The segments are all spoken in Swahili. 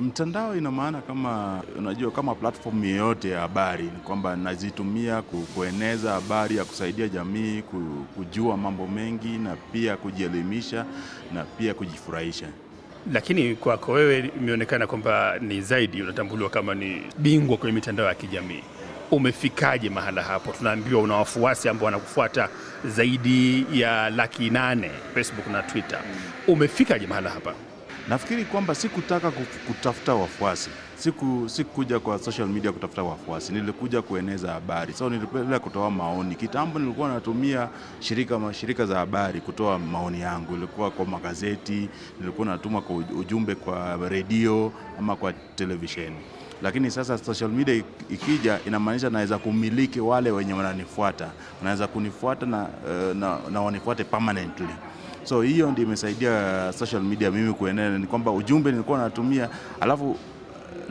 Mtandao ina maana kama unajua, kama platform yeyote ya habari, ni kwamba nazitumia kueneza habari ya kusaidia jamii kujua mambo mengi na pia kujielimisha na pia kujifurahisha. Lakini kwako wewe imeonekana kwamba ni zaidi, unatambuliwa kama ni bingwa kwenye mitandao ya kijamii. Umefikaje mahala hapo? Tunaambiwa una wafuasi ambao wanakufuata zaidi ya laki nane Facebook na Twitter. Mm. Umefikaje mahala hapa? Nafikiri kwamba sikutaka kutafuta wafuasi, siku sikuja kwa social media kutafuta wafuasi, nilikuja kueneza habari. So nilipenda kutoa maoni. Kitambo nilikuwa natumia shirika mashirika za habari kutoa maoni yangu, ilikuwa kwa magazeti, nilikuwa natuma kwa ujumbe kwa redio ama kwa televisheni lakini sasa social media ikija inamaanisha naweza kumiliki wale wenye wananifuata, naweza kunifuata na, eh, na, na wanifuate permanently. So hiyo ndio imesaidia social media mimi kuenea, ni kwamba ujumbe nilikuwa natumia, alafu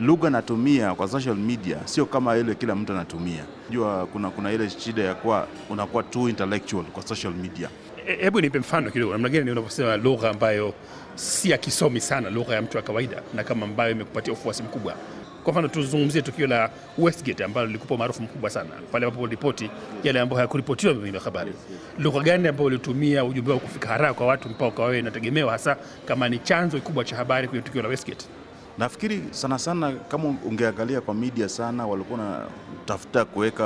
lugha natumia kwa social media sio kama ile kila mtu anatumia. Jua kuna, kuna ile shida ya kuwa unakuwa too intellectual kwa social media. E, hebu nipe mfano kidogo, namna gani unaposema lugha ambayo si ya kisomi sana, lugha ya mtu wa kawaida, na kama ambayo imekupatia ufuasi mkubwa? Kwa mfano tuzungumzie tukio la Westgate ambalo lilikupa umaarufu mkubwa sana pale ambapo ripoti yale ambayo hayakuripotiwa vyombo vya habari, lugha gani ambayo ulitumia ujumbe wa kufika haraka kwa watu mpaka wewe inategemewa hasa kama ni chanzo kikubwa cha habari kwenye tukio la Westgate? Nafikiri sana sana kama ungeangalia kwa media sana, walikuwa wanatafuta kuweka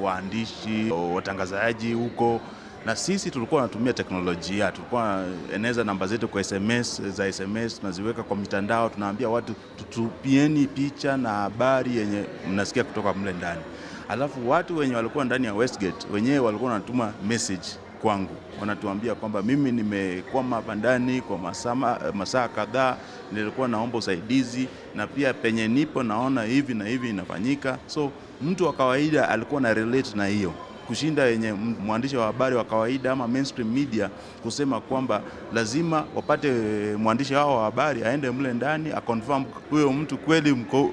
waandishi wa, watangazaji huko na sisi tulikuwa tunatumia teknolojia, tulikuwa eneza namba zetu kwa SMS za SMS tunaziweka kwa mitandao, tunaambia watu tutupieni picha na habari yenye mnasikia kutoka mle ndani. Alafu watu wenye walikuwa ndani ya Westgate wenyewe walikuwa wanatuma message kwangu, wanatuambia kwamba mimi nimekwama hapa ndani kwa masama, masaa kadhaa, nilikuwa naomba usaidizi na pia penye nipo naona hivi na hivi inafanyika. So mtu wa kawaida alikuwa na relate na hiyo kushinda yenye mwandishi wa habari wa kawaida ama mainstream media kusema kwamba lazima wapate eh, mwandishi hao wa habari aende mle ndani aconfirm huyo mtu kweli mko,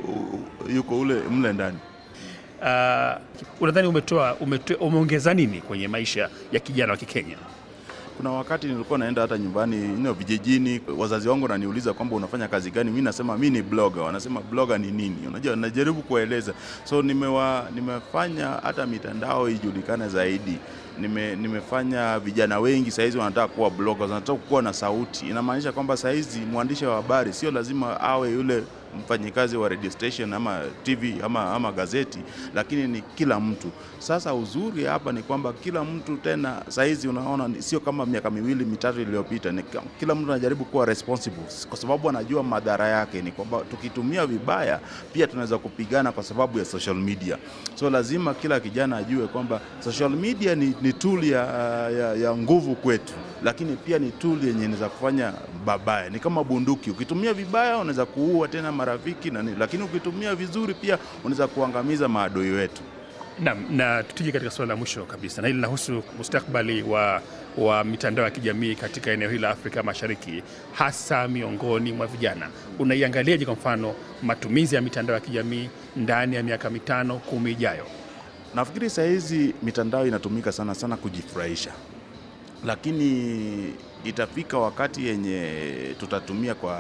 yuko ule mle ndani. Uh, unadhani umetoa umeongeza nini kwenye maisha ya kijana wa Kikenya? Kuna wakati nilikuwa naenda hata nyumbani ino vijijini, wazazi wangu naniuliza kwamba unafanya kazi gani, mi nasema mi ni blogger. Wanasema blogger ni nini? Unajua, najaribu kueleza So nimewa, nimefanya hata mitandao ijulikane zaidi. Nime, nimefanya vijana wengi sahizi wanataka kuwa bloggers, wanataka kuwa na sauti. Inamaanisha kwamba sahizi mwandishi wa habari sio lazima awe yule mfanyikazi wa radio station ama TV ama, ama gazeti, lakini ni kila mtu. Sasa uzuri hapa ni kwamba kila mtu tena saizi, unaona sio kama miaka miwili mitatu iliyopita, ni kila mtu anajaribu kuwa responsible, kwa sababu anajua madhara yake ni kwamba tukitumia vibaya pia tunaweza kupigana kwa sababu ya social media. So lazima kila kijana ajue kwamba social media ni, ni tool ya, ya, ya nguvu kwetu, lakini pia ni tool yenye inaweza kufanya babaya, ni kama bunduki, ukitumia vibaya unaweza kuua tena marafiki na nini, lakini ukitumia vizuri pia unaweza kuangamiza maadui wetu. Na, na tutije katika suala la mwisho kabisa, na hili linahusu mustakbali wa, wa mitandao ya kijamii katika eneo hili la Afrika Mashariki, hasa miongoni mwa vijana. Unaiangaliaje kwa mfano matumizi ya mitandao ya kijamii ndani ya miaka mitano kumi ijayo? Nafikiri saa hizi mitandao inatumika sana sana kujifurahisha, lakini itafika wakati yenye tutatumia kwa,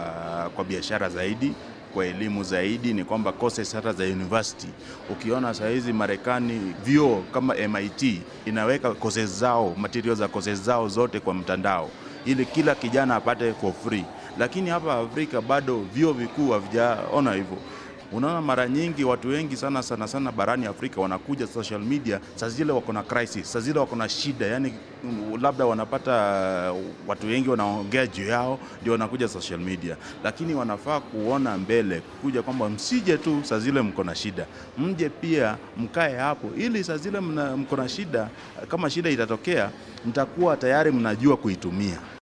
kwa biashara zaidi kwa elimu zaidi ni kwamba courses hata za university. Ukiona saa hizi Marekani vyuo kama MIT inaweka courses zao, material za courses zao zote kwa mtandao ili kila kijana apate for free, lakini hapa Afrika bado vyuo vikuu havijaona hivyo. Unaona, mara nyingi watu wengi sana sana sana barani Afrika wanakuja social media saa zile wako na crisis, saa zile wako na shida, yani labda wanapata watu wengi wanaongea juu yao, ndio wanakuja social media, lakini wanafaa kuona mbele, kuja kwamba msije tu saa zile mko na shida, mje pia mkae hapo, ili saa zile mko na shida, kama shida itatokea, mtakuwa tayari mnajua kuitumia.